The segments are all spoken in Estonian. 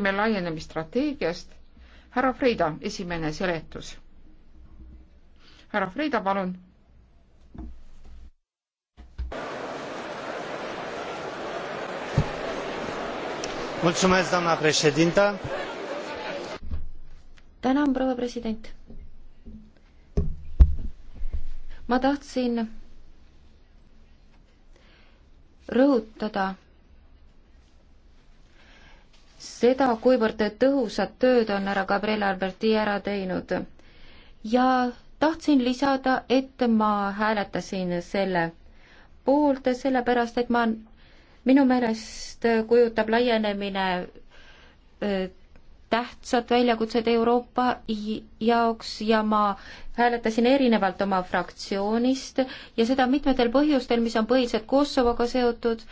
me laienemisstrateegiast. härra Freida, esimene seletus. härra Freida, palun. mulțumesc, doamna președintă. tänan, proua president. ma tahtsin rõhutada seda, kuivõrd tõhusat tööd on härra Gabriel Alberti ära teinud. ja tahtsin lisada, et ma hääletasin selle poolt, sellepärast et ma, minu meelest kujutab laienemine tähtsad väljakutsed Euroopa jaoks ja ma hääletasin erinevalt oma fraktsioonist ja seda mitmetel põhjustel, mis on põhiliselt Kosovoga seotud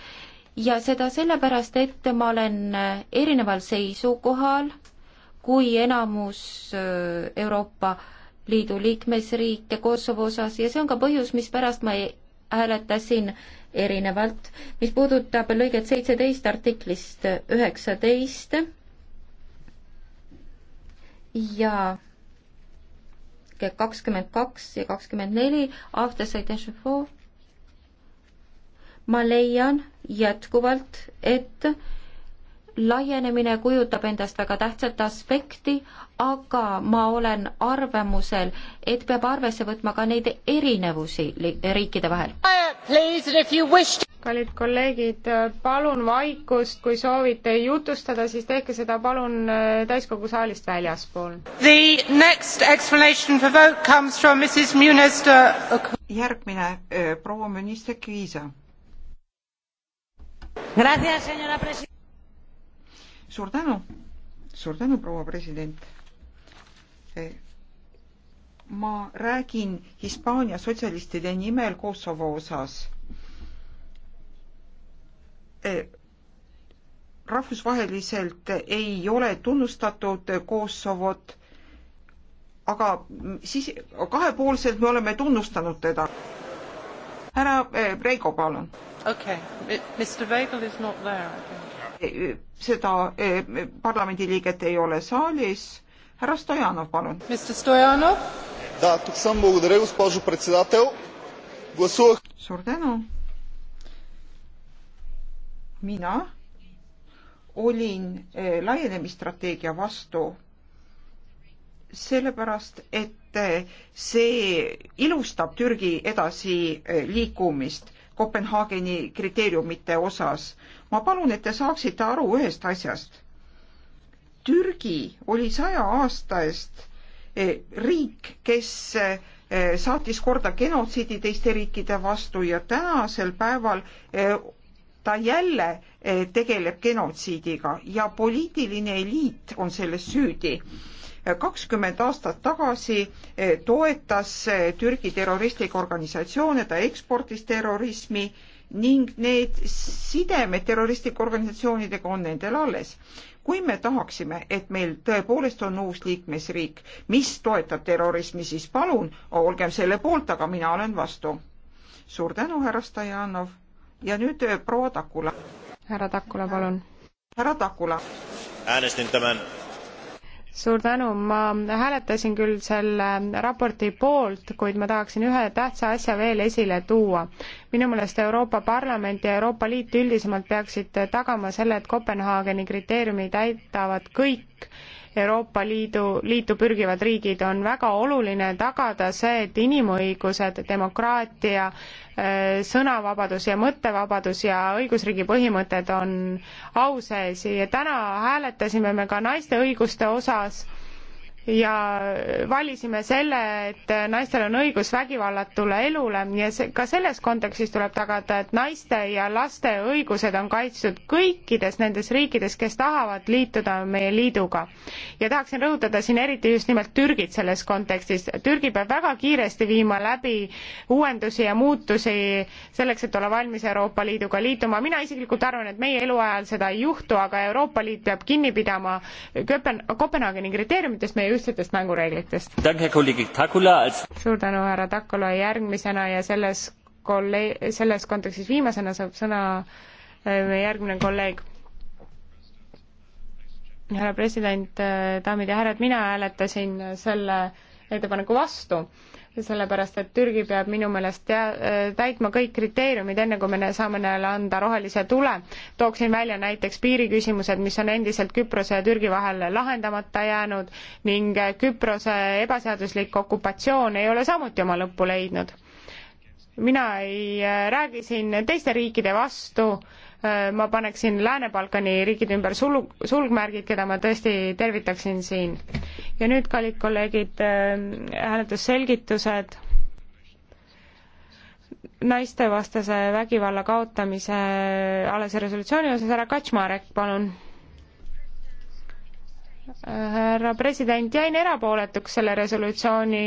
ja seda sellepärast, et ma olen äh, erineval seisukohal kui enamus äh, Euroopa Liidu liikmesriike Kosovo osas ja see on ka põhjus, mispärast ma e-, hääletasin erinevalt. mis puudutab lõiget seitseteist artiklist äh, üheksateist ja kakskümmend kaks ja kakskümmend neli, after citation four ma leian jätkuvalt, et laienemine kujutab endast väga tähtsat aspekti, aga ma olen arvamusel, et peab arvesse võtma ka neid erinevusi riikide vahel. kallid kolleegid, palun vaikust, kui soovite jutustada, siis tehke seda palun äh, täiskogu saalist väljaspool. järgmine äh, proua minister Kiisa suur tänu, suur tänu, proua president. Eh, ma räägin Hispaania sotsialistide nimel Kosovo osas eh, rahvusvaheliselt ei ole tunnustatud Kosovot, aga siis kahepoolselt me oleme tunnustanud teda. härra eh, Reiko, palun Okay. There, e, e, seda e, parlamendiliiget ei ole saalis. härra Stojanov, palun. suur tänu. mina olin laienemisstrateegia vastu sellepärast, et see ilustab Türgi edasiliikumist Kopenhaageni kriteeriumite osas. ma palun, et te saaksite aru ühest asjast. Türgi oli saja aasta eest eh, riik, kes eh, saatis korda genotsiidi teiste riikide vastu ja tänasel päeval eh, ta jälle tegeleb genotsiidiga ja poliitiline eliit on selles süüdi kakskümmend aastat tagasi eh, toetas eh, Türgi terroristlikke organisatsioone, ta eksportis terrorismi ning need sidemed terroristlike organisatsioonidega on nendel alles. kui me tahaksime, et meil tõepoolest on uus liikmesriik, mis toetab terrorismi, siis palun olgem selle poolt, aga mina olen vastu. suur tänu, härra Stajanov. ja nüüd eh, proua Takula. härra Takula, palun. härra Takula. äänestin tämän suur tänu, ma hääletasin küll selle raporti poolt, kuid ma tahaksin ühe tähtsa asja veel esile tuua. minu meelest Euroopa Parlament ja Euroopa Liit üldisemalt peaksid tagama selle, et Kopenhaageni kriteeriumi täidavad kõik Euroopa Liidu, liitu pürgivad riigid, on väga oluline tagada see, et inimõigused, demokraatia, äh, sõnavabadus ja mõttevabadus ja õigusriigi põhimõtted on au sees ja täna hääletasime me ka naiste õiguste osas ja valisime selle, et naistel on õigus vägivallatule elule ja see, ka selles kontekstis tuleb tagada, et naiste ja laste õigused on kaitstud kõikides nendes riikides, kes tahavad liituda meie liiduga. ja tahaksin rõhutada siin eriti just nimelt Türgit selles kontekstis. Türgi peab väga kiiresti viima läbi uuendusi ja muutusi selleks, et olla valmis Euroopa Liiduga liituma. mina isiklikult arvan, et meie eluajal seda ei juhtu, aga Euroopa Liit peab kinni pidama Köpen-, Kopenhaageni kriteeriumitest, me ühtsetest mängureeglitest. suur tänu, härra Takula, järgmisena ja selles kolle-, selles kontekstis viimasena saab sõna äh, meie järgmine kolleeg. härra president, äh, daamid ja härrad, mina hääletasin selle ettepaneku vastu sellepärast et Türgi peab minu meelest tea-, täitma kõik kriteeriumid, enne kui me saame neile anda rohelise tule. tooksin välja näiteks piiriküsimused, mis on endiselt Küprose ja Türgi vahel lahendamata jäänud ning Küprose ebaseaduslik okupatsioon ei ole samuti oma lõppu leidnud. mina ei äh, räägi siin teiste riikide vastu, Äh, ma paneksin Lääne-Balkani riigid ümber sul-, sulgmärgid, keda ma tõesti tervitaksin siin. ja nüüd, kallid kolleegid, äh, hääletusselgitused naistevastase vägivalla kaotamise alase resolutsiooni osas, härra Kaczmarek, palun. härra president, jäin erapooletuks selle resolutsiooni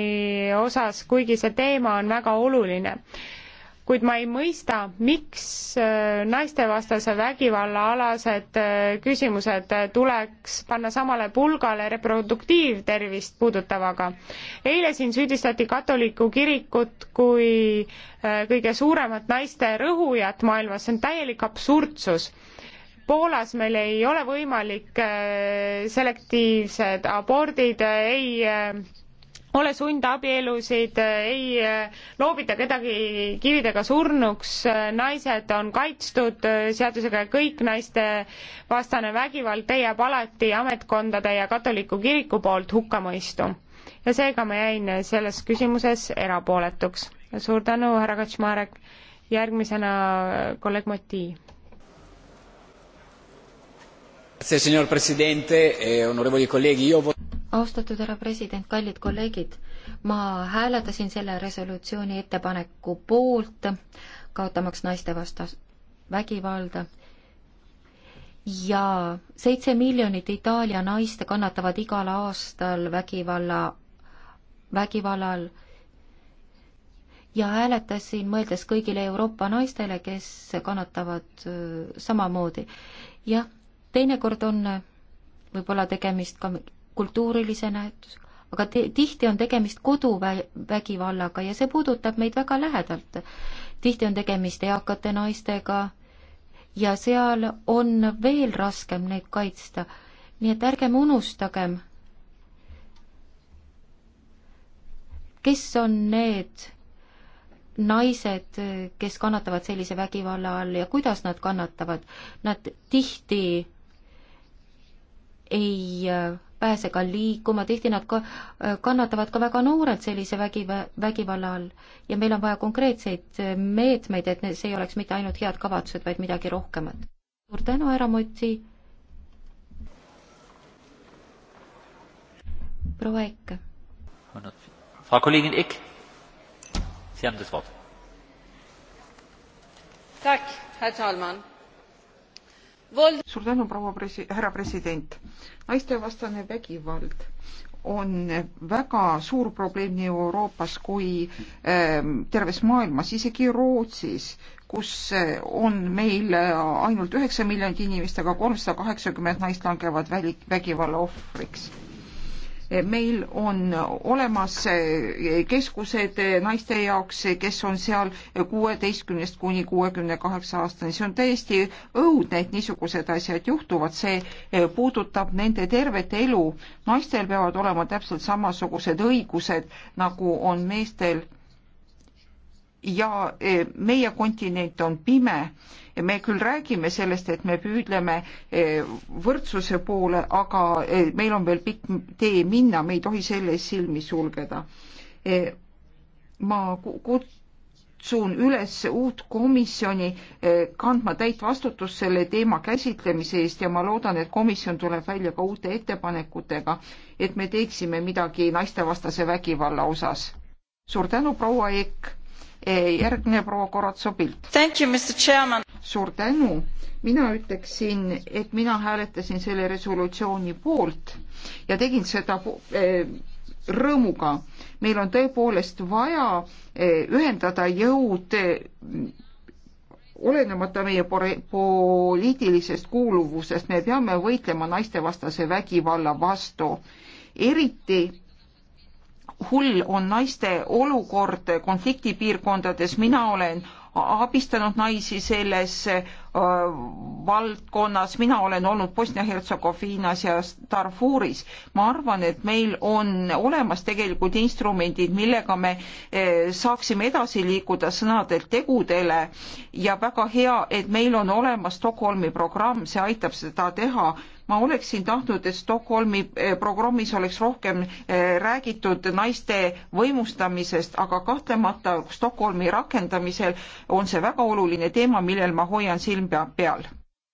osas, kuigi see teema on väga oluline kuid ma ei mõista, miks äh, naistevastase vägivalla alased äh, küsimused äh, tuleks panna samale pulgale reproduktiivtervist puudutavaga. eile siin süüdistati katoliku kirikut kui kõige suuremat naiste rõhujat maailmas, see on täielik absurdsus Poolas meil ei ole võimalik selektiivsed abordid, ei pole sundabielusid, ei eh, loobita kedagi kividega surnuks, eh, naised on kaitstud eh, seadusega ja kõik naistevastane vägivald leiab alati ametkondade ja katoliku kiriku poolt hukkamõistu. ja seega ma jäin selles küsimuses erapooletuks. suur tänu, härra Kaczmarek. järgmisena kolleeg Mati. Grazie signor Presidente, eh, onorevoli colleghi, io voto austatud härra president, kallid kolleegid, ma hääletasin selle resolutsiooni ettepaneku poolt, kaotamaks naistevastast vägivalda ja seitse miljonit Itaalia naist kannatavad igal aastal vägivalla, vägivallal ja hääletasin, mõeldes kõigile Euroopa naistele, kes kannatavad samamoodi. jah, teinekord on võib-olla tegemist ka kultuurilise nähetusega, aga te, tihti on tegemist koduvägivallaga ja see puudutab meid väga lähedalt. tihti on tegemist eakate naistega ja seal on veel raskem neid kaitsta. nii et ärgem unustagem, kes on need naised, kes kannatavad sellise vägivalla all ja kuidas nad kannatavad. Nad tihti ei vähesega liikuma, tihti nad ka äh, kannatavad ka väga noored sellise vägiva-, vägivalla all. ja meil on vaja konkreetseid äh, meetmeid, et see ei oleks mitte ainult head kavatsused, vaid midagi rohkemat. suur tänu, härra Mutsi. proua Ekk. Frau Kollegin Ekk, Sie haben das Wort. Tack, herr talman suur tänu, proua presi-, härra president. naistevastane vägivald on väga suur probleem nii Euroopas kui ähm, terves maailmas, isegi Rootsis, kus äh, on meil äh, ainult üheksa miljonit inimest, aga kolmsada kaheksakümmend naist langevad väli, vägivalla ohvriks meil on olemas eh, keskused eh, naiste jaoks, eh, kes on seal kuueteistkümnest kuni kuuekümne kaheksa aastani, see on täiesti õudne, et niisugused asjad juhtuvad, see puudutab nende tervet elu. naistel peavad olema täpselt samasugused õigused, nagu on meestel ja meie kontinent on pime me küll räägime sellest, et me püüdleme eh, võrdsuse poole, aga eh, meil on veel pikk tee minna, me ei tohi selle ees silmi sulgeda. Eh, ma kutsun üles uut komisjoni kandma täit vastutust selle teema käsitlemise eest ja ma loodan, et komisjon tuleb välja ka uute ettepanekutega, et me teeksime midagi naistevastase vägivalla osas. suur tänu, proua Eek järgmine proua Korotso pilt. suur tänu. mina ütleksin, et mina hääletasin selle resolutsiooni poolt ja tegin seda eh, rõõmuga. meil on tõepoolest vaja eh, ühendada jõud eh, olenemata meie poliitilisest kuuluvusest, me peame võitlema naistevastase vägivalla vastu. eriti hull on naiste olukord konfliktipiirkondades, mina olen abistanud naisi selles Äh, valdkonnas, mina olen olnud Bosnia-Hertsegoviinas ja Darfuris. ma arvan, et meil on olemas tegelikult instrumendid, millega me äh, saaksime edasi liikuda sõnadelt tegudele ja väga hea, et meil on olemas Stockholmi programm, see aitab seda teha ma oleksin tahtnud, et Stockholmi äh, programmis oleks rohkem räägitud naiste võimustamisest, aga kahtlemata Stockholmi rakendamisel on see väga oluline teema, millel ma hoian silma silm peal.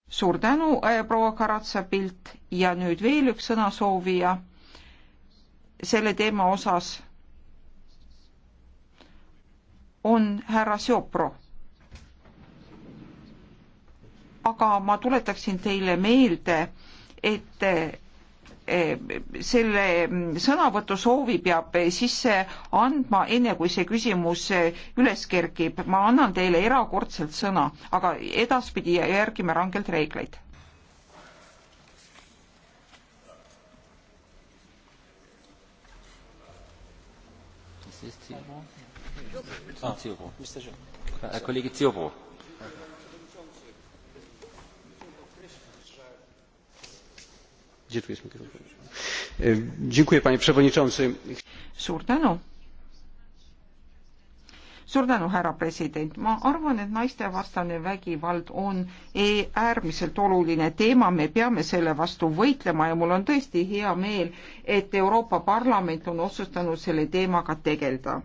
suur tänu, äh, proua Karatsa pilt ja nüüd veel üks sõnasoovija selle teema osas on härra Siopro. aga ma tuletaksin teile meelde, et selle sõnavõtusoovi peab sisse andma, enne kui see küsimus üles kerkib. ma annan teile erakordselt sõna, aga edaspidi järgime rangelt reegleid. Zero. Ah, Zero. Mr. Zero. Herr Kollege Zero. E, panie przewodniczący! suur tänu, tänu härra president ma arvan et naistevastane vägivald on e, äärmiselt oluline teema me peame selle vastu võitlema ja mul on tõesti hea meel et euroopa parlament on otsustanud selle teemaga tegeleda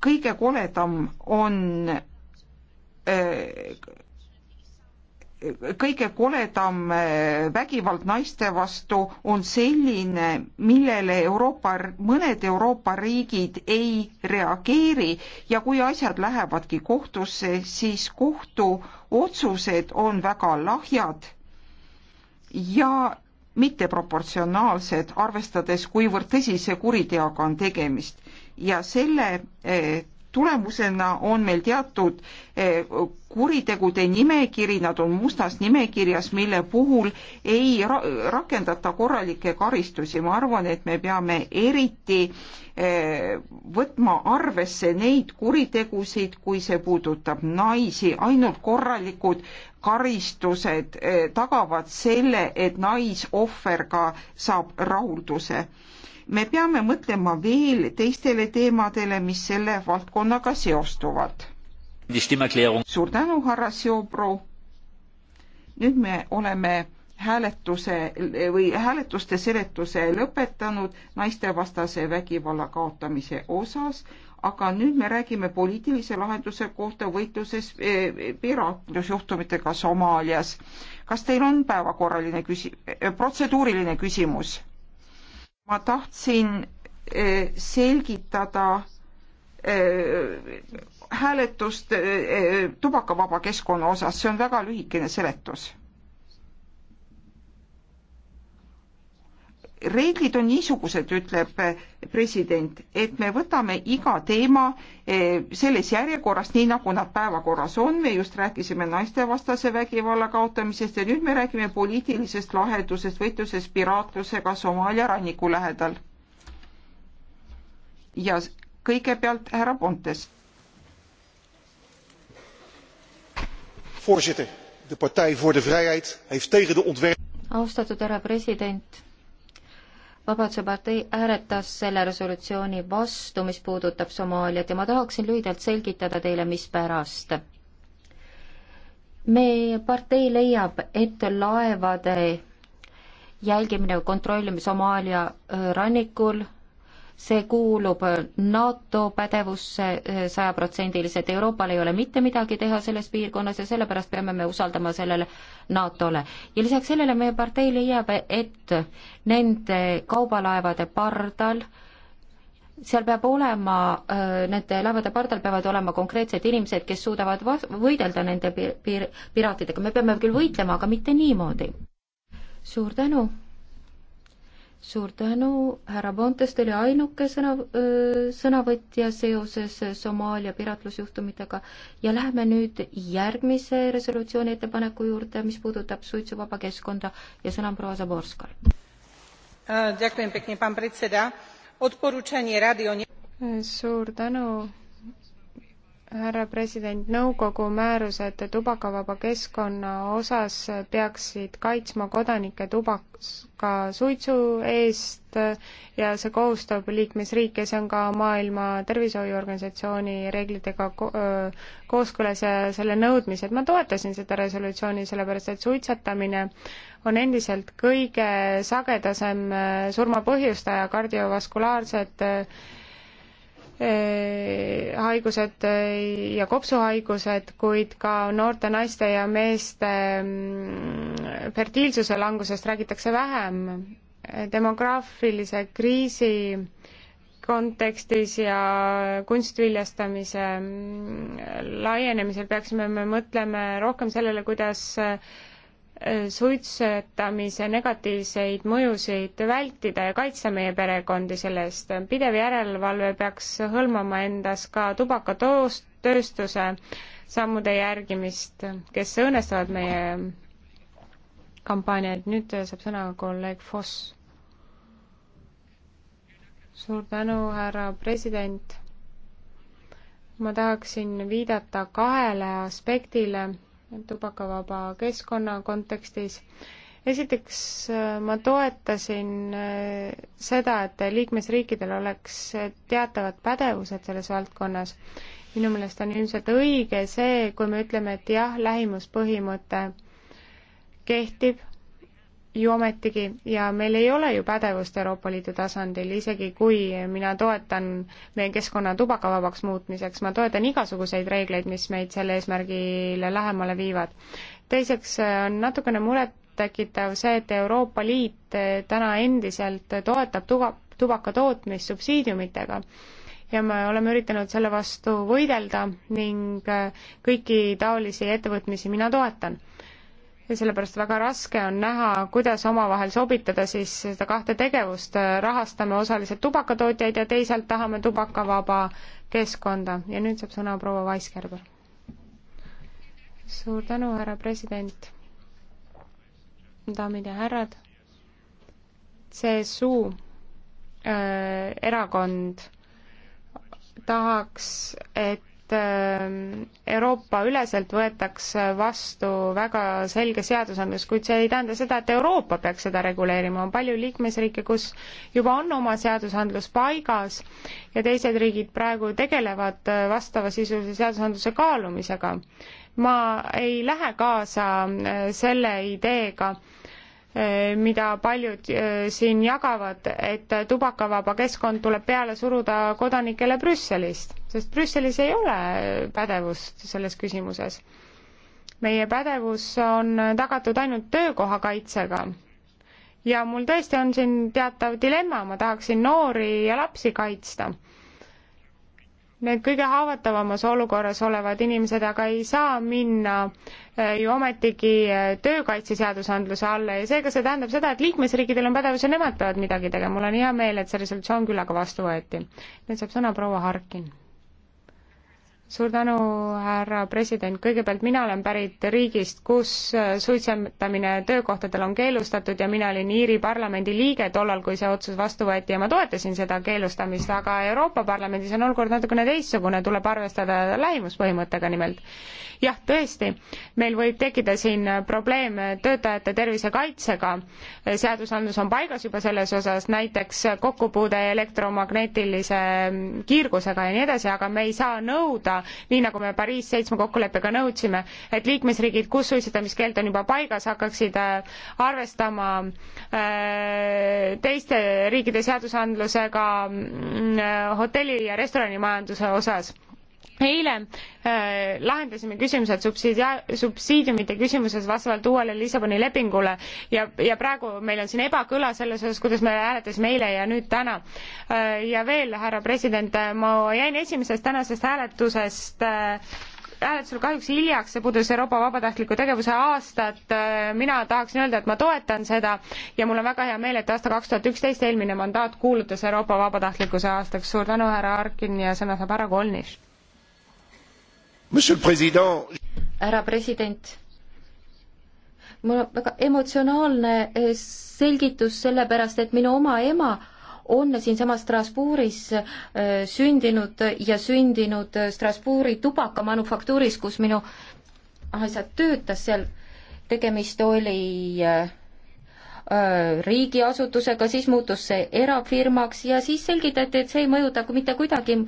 kõige koledam on äh, kõige koledam eh, vägivald naiste vastu on selline, millele Euroopa, mõned Euroopa riigid ei reageeri ja kui asjad lähevadki kohtusse, siis kohtuotsused on väga lahjad ja mitteproportsionaalsed, arvestades, kuivõrd tõsise kuriteoga on tegemist ja selle eh, tulemusena on meil teatud eh, kuritegude nimekiri, nad on mustas nimekirjas, mille puhul ei ra rakendata korralikke karistusi. ma arvan, et me peame eriti eh, võtma arvesse neid kuritegusid, kui see puudutab naisi, ainult korralikud karistused eh, tagavad selle, et naisohver ka saab rahulduse me peame mõtlema veel teistele teemadele, mis selle valdkonnaga seostuvad. suur tänu, härra Siobro. nüüd me oleme hääletuse või hääletuste seletuse lõpetanud naistevastase vägivalla kaotamise osas, aga nüüd me räägime poliitilise lahenduse kohta võitluses eh, piraatlusjuhtumitega Somaalias. kas teil on päevakorraline küsi-, protseduuriline küsimus? ma tahtsin e, selgitada e, hääletust e, tubakavaba keskkonna osas, see on väga lühikene seletus reeglid on niisugused, ütleb eh, president, et me võtame iga teema eh, selles järjekorras, nii nagu nad päevakorras on, me just rääkisime naistevastase vägivalla kaotamisest ja nüüd me räägime poliitilisest lahendusest võitluses piraatlusega Somaalia ranniku lähedal. ja kõigepealt härra Pontes. voorzitter, de Partei voor de Vrijheid heeft tegen de ontwerp austatud härra president Vabaduse partei hääletas selle resolutsiooni vastu, mis puudutab Somaaliat ja ma tahaksin lühidalt selgitada teile, mispärast. meie partei leiab, et laevade jälgimine ja kontrollimine Somaalia rannikul see kuulub NATO pädevusse eh, sajaprotsendiliselt, Euroopal ei ole mitte midagi teha selles piirkonnas ja sellepärast peame me usaldama sellele NATO-le. ja lisaks sellele meie parteile jääb, et nende kaubalaevade pardal seal peab olema, eh, nende laevade pardal peavad olema konkreetsed inimesed, kes suudavad vas-, võidelda nende pir-, pir-, piraatidega, me peame küll võitlema, aga mitte niimoodi. suur tänu! suur tänu, härra Pontes, te oli ainuke sõna, sõnavõtja seoses Somaalia piratlusjuhtumitega ja läheme nüüd järgmise resolutsiooni ettepaneku juurde, mis puudutab suitsuvaba keskkonda ja sõna on proua Zaborskal. Äh, suur tänu, härra president, nõukogu määrused tubakavaba keskkonna osas peaksid kaitsma kodanikke tubakasuitsu eest ja see kohustab liikmesriike, see on ka Maailma Tervishoiuorganisatsiooni reeglitega ko kooskõlas ja selle nõudmised. ma toetasin seda resolutsiooni, sellepärast et suitsetamine on endiselt kõige sagedasem surmapõhjustaja, kardiovaskulaarsed Eh, haigused eh, ja kopsuhaigused, kuid ka noorte naiste ja meeste mm, fertiilsuse langusest räägitakse vähem. demograafilise kriisi kontekstis ja kunstviljastamise mm, laienemisel peaksime me mõtlema rohkem sellele, kuidas eh, suitsetamise negatiivseid mõjusid vältida ja kaitsta meie perekondi selle eest. pidev järelevalve peaks hõlmama endas ka tubakatööstuse sammude järgimist, kes õõnestavad meie kampaaniaid. nüüd saab sõna kolleeg Foss. suur tänu, härra president. ma tahaksin viidata kahele aspektile tubakavaba keskkonna kontekstis. esiteks ma toetasin äh, seda, et liikmesriikidel oleks teatavad pädevused selles valdkonnas. minu meelest on ilmselt õige see, kui me ütleme, et jah, lähimuspõhimõte kehtib ju ometigi ja meil ei ole ju pädevust Euroopa Liidu tasandil, isegi kui mina toetan meie keskkonna tubakavabaks muutmiseks, ma toetan igasuguseid reegleid, mis meid selle eesmärgile lähemale viivad. teiseks on natukene murettekitav see, et Euroopa Liit eh, täna endiselt toetab tuba, tubaka tootmist subsiidiumitega ja me oleme üritanud selle vastu võidelda ning eh, kõiki taolisi ettevõtmisi mina toetan ja sellepärast väga raske on näha, kuidas omavahel sobitada siis seda kahte tegevust, rahastame osaliselt tubakatootjaid ja teisalt tahame tubakavaba keskkonda ja nüüd saab sõna proua Vaiskerber. suur tänu, härra president, daamid ja härrad, CSU äh, erakond tahaks, et et ähm, Euroopa üleselt võetaks vastu väga selge seadusandlus, kuid see ei tähenda seda, et Euroopa peaks seda reguleerima, on palju liikmesriike, kus juba on oma seadusandlus paigas ja teised riigid praegu tegelevad äh, vastavasisulise seadusandluse kaalumisega. ma ei lähe kaasa äh, selle ideega, Eh, mida paljud eh, siin jagavad, et tubakavaba keskkond tuleb peale suruda kodanikele Brüsselist, sest Brüsselis ei ole pädevust selles küsimuses. meie pädevus on tagatud ainult töökoha kaitsega. ja mul tõesti on siin teatav dilemma, ma tahaksin noori ja lapsi kaitsta need kõige haavatavamas olukorras olevad inimesed aga ei saa minna eh, ju ometigi eh, töökaitseseadusandluse alla ja seega see tähendab seda, et liikmesriikidel on pädevus ja nemad peavad midagi tegema. mul on hea meel, et see resolutsioon küll aga vastu võeti. nüüd saab sõna proua Harkin suur tänu, härra president, kõigepealt mina olen pärit riigist, kus äh, suitsetamine töökohtadel on keelustatud ja mina olin Iiri parlamendi liige tollal, kui see otsus vastu võeti ja ma toetasin seda keelustamist, aga Euroopa Parlamendis on olukord natukene teistsugune, tuleb arvestada lähimuspõhimõttega nimelt. jah, tõesti, meil võib tekkida siin probleem töötajate tervise kaitsega, seadusandlus on paigas juba selles osas, näiteks kokkupuude elektromagnetilise kiirgusega ja nii edasi, aga me ei saa nõuda seda, nii nagu me Pariis seitsme kokkuleppega nõudsime, et liikmesriigid, kus suitsetamiskeeld on juba paigas, hakkaksid äh, arvestama äh, teiste riikide seadusandlusega mm, äh, hotelli- ja restoranimajanduse osas eile äh, lahendasime küsimused subsidia-, subsiidiumite küsimuses vastavalt uuele Lissaboni lepingule ja, ja praegu meil on siin ebakõla selles osas, kuidas me hääletasime eile ja nüüd täna äh,. ja veel, härra president, äh, ma jäin esimesest tänasest hääletusest äh, hääletusel kahjuks hiljaks, see puudus Euroopa vabatahtliku tegevuse aastat, äh, mina tahaksin öelda, et ma toetan seda ja mul on väga hea meel, et aasta kaks tuhat üksteist eelmine mandaat kuulutas Euroopa vabatahtlikkuse aastaks, suur tänu, härra Arkin ja sõna saab härra Kolnis härra president, mul on väga emotsionaalne eh, selgitus, sellepärast et minu oma ema on siinsamas Strasbourgis eh, sündinud ja sündinud eh, Strasbourgi tubakamanufaktuuris, kus minu isa töötas seal. tegemist oli riigiasutusega, siis muutus see erafirmaks ja siis selgitati, et see ei mõjuta mitte kuidagi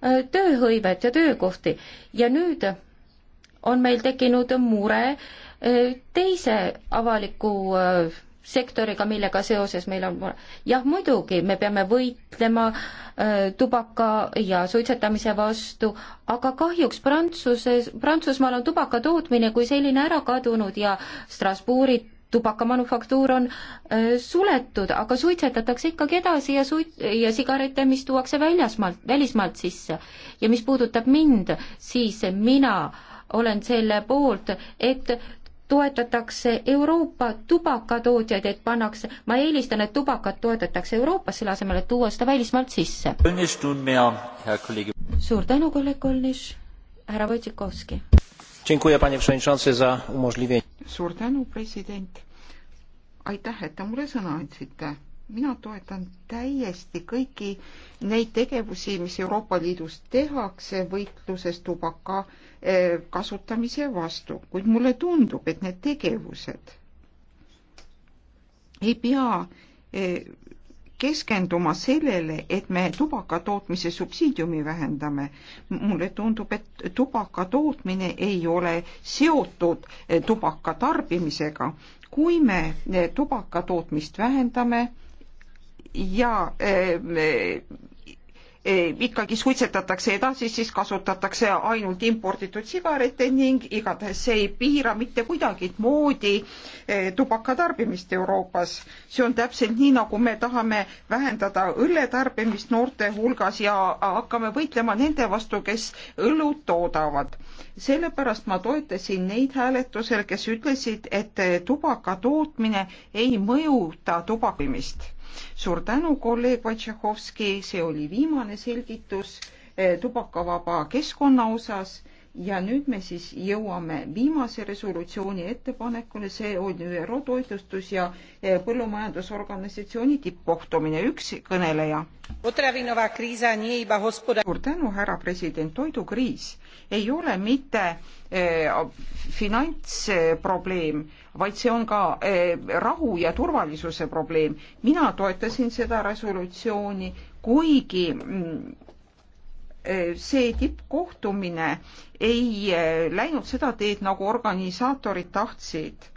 Äh, tööhõivet ja töökohti ja nüüd on meil tekkinud mure äh, teise avaliku äh, sektoriga, millega seoses meil on mure. jah, muidugi, me peame võitlema tubaka ja suitsetamise vastu, aga kahjuks Prantsuses, Prantsusmaal on tubaka tootmine kui selline ära kadunud ja Strasbourgi tubakamanufaktuur on äh, suletud, aga suitsetatakse ikkagi edasi ja suit-, ja sigarette, mis tuuakse väljasmaalt, välismaalt sisse. ja mis puudutab mind, siis mina olen selle poolt, et toetatakse Euroopa tubakatootjaid, et pannakse, ma eelistan, et tubakat toetatakse Euroopas, selle asemel, et tuua seda välismaalt sisse. suur tänu, kolleeg Kolnis, härra Vojtšikovski suur tänu, president. aitäh, et te mulle sõna andsite. mina toetan täiesti kõiki neid tegevusi, mis Euroopa Liidus tehakse võitluses tubaka eh, kasutamise vastu, kuid mulle tundub, et need tegevused ei pea eh, keskenduma sellele, et me tubaka tootmise subsiidiumi vähendame. mulle tundub, et tubaka tootmine ei ole seotud eh, tubaka tarbimisega. kui me eh, tubaka tootmist vähendame ja eh, Eh, ikkagi suitsetatakse edasi, siis kasutatakse ainult imporditud sigarette ning igatahes see ei piira mitte kuidagimoodi eh, tubaka tarbimist Euroopas. see on täpselt nii, nagu me tahame vähendada õlle tarbimist noorte hulgas ja hakkame võitlema nende vastu, kes õlut toodavad. sellepärast ma toetasin neid hääletusel, kes ütlesid, et tubaka tootmine ei mõjuta tubakimist suur tänu, kolleeg Vatšakovski, see oli viimane selgitus eh, tubakavaba keskkonna osas ja nüüd me siis jõuame viimase resolutsiooni ettepanekule, see on ÜRO toitlustus ja eh, põllumajandusorganisatsiooni tippkohtumine, üks kõneleja. suur tänu, härra president, toidukriis ei ole mitte eh, finantsprobleem, vaid see on ka eh, rahu ja turvalisuse probleem. mina toetasin seda resolutsiooni, kuigi mm, Äh, see tippkohtumine ei äh, läinud seda teed, nagu organisaatorid tahtsid.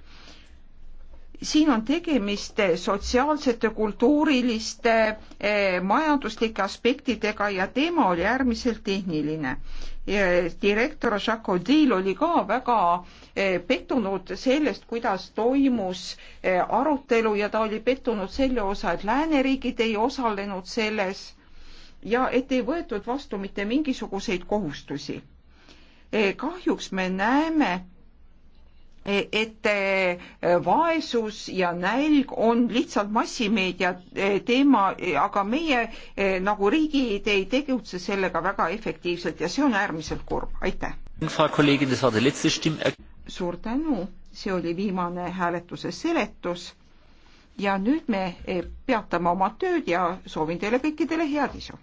siin on tegemist äh, sotsiaalsete, kultuuriliste, majanduslike aspektidega ja teema oli äärmiselt tehniline. direktor Jacques Odil oli ka väga pettunud sellest, kuidas toimus arutelu ja ta oli pettunud selle osa, et lääneriigid ei osalenud selles ja et ei võetud vastu mitte mingisuguseid kohustusi. E, kahjuks me näeme, e, et e, vaesus ja nälg on lihtsalt massimeedia teema, aga meie nagu riigid ei tegutse sellega väga efektiivselt ja see on äärmiselt kurb, aitäh. suur tänu, see oli viimane hääletuse seletus ja nüüd me eh, peatame oma tööd ja soovin teile kõikidele head isu!